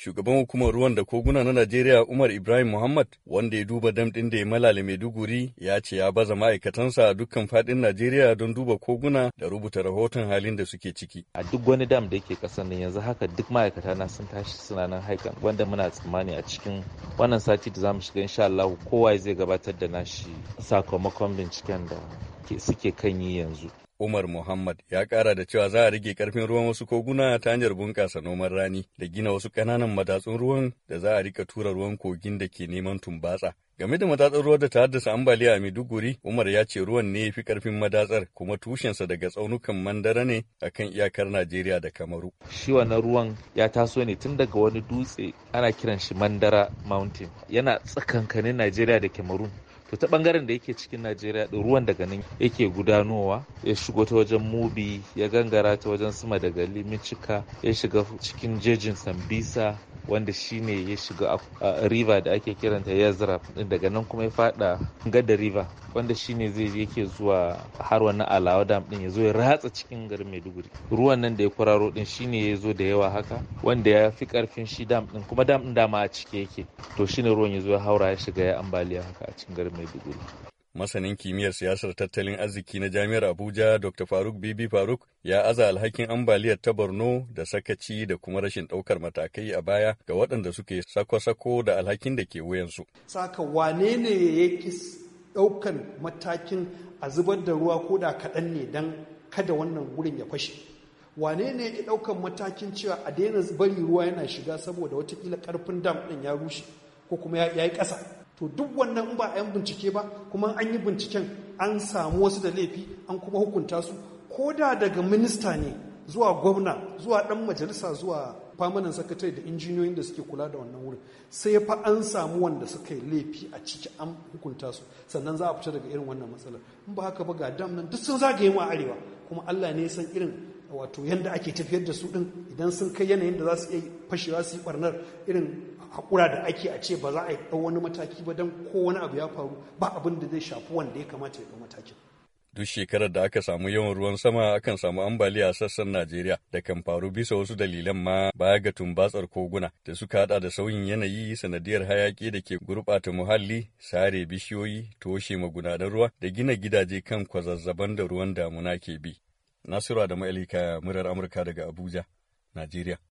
shugaban hukumar ruwan da koguna na Najeriya Umar Ibrahim Muhammad wanda ya duba dam damɗin da ya malale Maiduguri ya ce ya baza ma'aikatansa a dukkan faɗin Najeriya don duba koguna da rubuta rahoton halin da suke ciki. A duk wani dam da yake ƙasar nan yanzu haka duk ma'aikata na sun tashi suna nan haikan wanda muna tsammani a cikin wannan sati da zamu shiga insha Allah kowa zai gabatar da nashi sakamakon binciken da suke kan yi yanzu. Umar Muhammad ya ƙara da cewa za a rage ƙarfin ruwan wasu koguna ta hanyar bunƙasa noman rani da gina wasu ƙananan madatsun ruwan da za a rika tura ruwan kogin da ke neman tumbatsa. Game da madatsar ruwa da ta haddasa ambaliya a Maiduguri, Umar ya ce ruwan ne ya fi ƙarfin madatsar kuma tushensa daga tsaunukan mandara ne a kan iyakar Najeriya da Kamaru. Shi wannan ruwan ya taso ne tun daga wani dutse ana kiran shi Mandara Mountain. Yana tsakankanin Najeriya da Kamaru. to ta bangaren da yake cikin najeriya da ruwan daga nan yake gudanowa ya shigo ta wajen mubi ya gangara ta wajen suma daga limicika ya shiga cikin jejin sambisa wanda shine ya shiga a river da ake kiranta yazra daga nan kuma ya fada gada river wanda shine zai yake zuwa har wani alawa dam din ya zo ya ratsa cikin garin maiduguri ruwan nan da ya kwararo din shine ya zo da yawa haka wanda ya fi karfin shi dam din kuma dam din dama a cike yake to shine ruwan ya zo ya haura ya shiga ya ambaliya haka a cikin garin maiduguri masanin kimiyyar siyasar tattalin arziki na jami'ar abuja dr faruk bibi faruk ya aza alhakin ambaliyar ta borno da sakaci da kuma rashin ɗaukar matakai a baya ga waɗanda suke sako-sako da alhakin da ke wuyansu saka wane ne ya ɗaukan matakin a zubar da ruwa ko da kaɗan ne don kada wannan wurin ya fashe wane ne ya ɗaukan matakin cewa a daina bari ruwa yana shiga saboda watakila ƙarfin dam ɗin ya rushe ko kuma ya yi ƙasa to duk wannan in ba a yan bincike ba kuma an yi binciken an samu wasu da laifi an kuma hukunta su ko da daga minista ne zuwa gwamna zuwa dan majalisa zuwa famanan sakatare da injiniyoyin da suke kula da wannan wurin sai fa an samu wanda suka yi laifi a ciki an hukunta su sannan za a fita daga irin wannan matsalar in ba haka ba ga dam nan duk sun zagaye mu a arewa kuma Allah ne ya san irin wato yanda ake tafiyar da su din idan sun kai yanayin da za su iya fashewa su yi barnar irin hakura da ake a ce ba za a yi ɗan wani mataki ba don ko wani abu ya faru ba abin da zai shafi wanda ya kamata ya ɗau matakin. Duk shekarar da aka samu yawan ruwan sama akan samu ambaliya a sassan Najeriya da kan faru bisa wasu dalilan ma baya ga tumbatsar koguna da suka hada da sauyin yanayi sanadiyar hayaki da ke gurɓata muhalli, sare bishiyoyi, toshe magudanan ruwa da gina gidaje kan kwazazzaban da ruwan damuna ke bi. Nasiru da Elika, murar Amurka daga Abuja, Najeriya.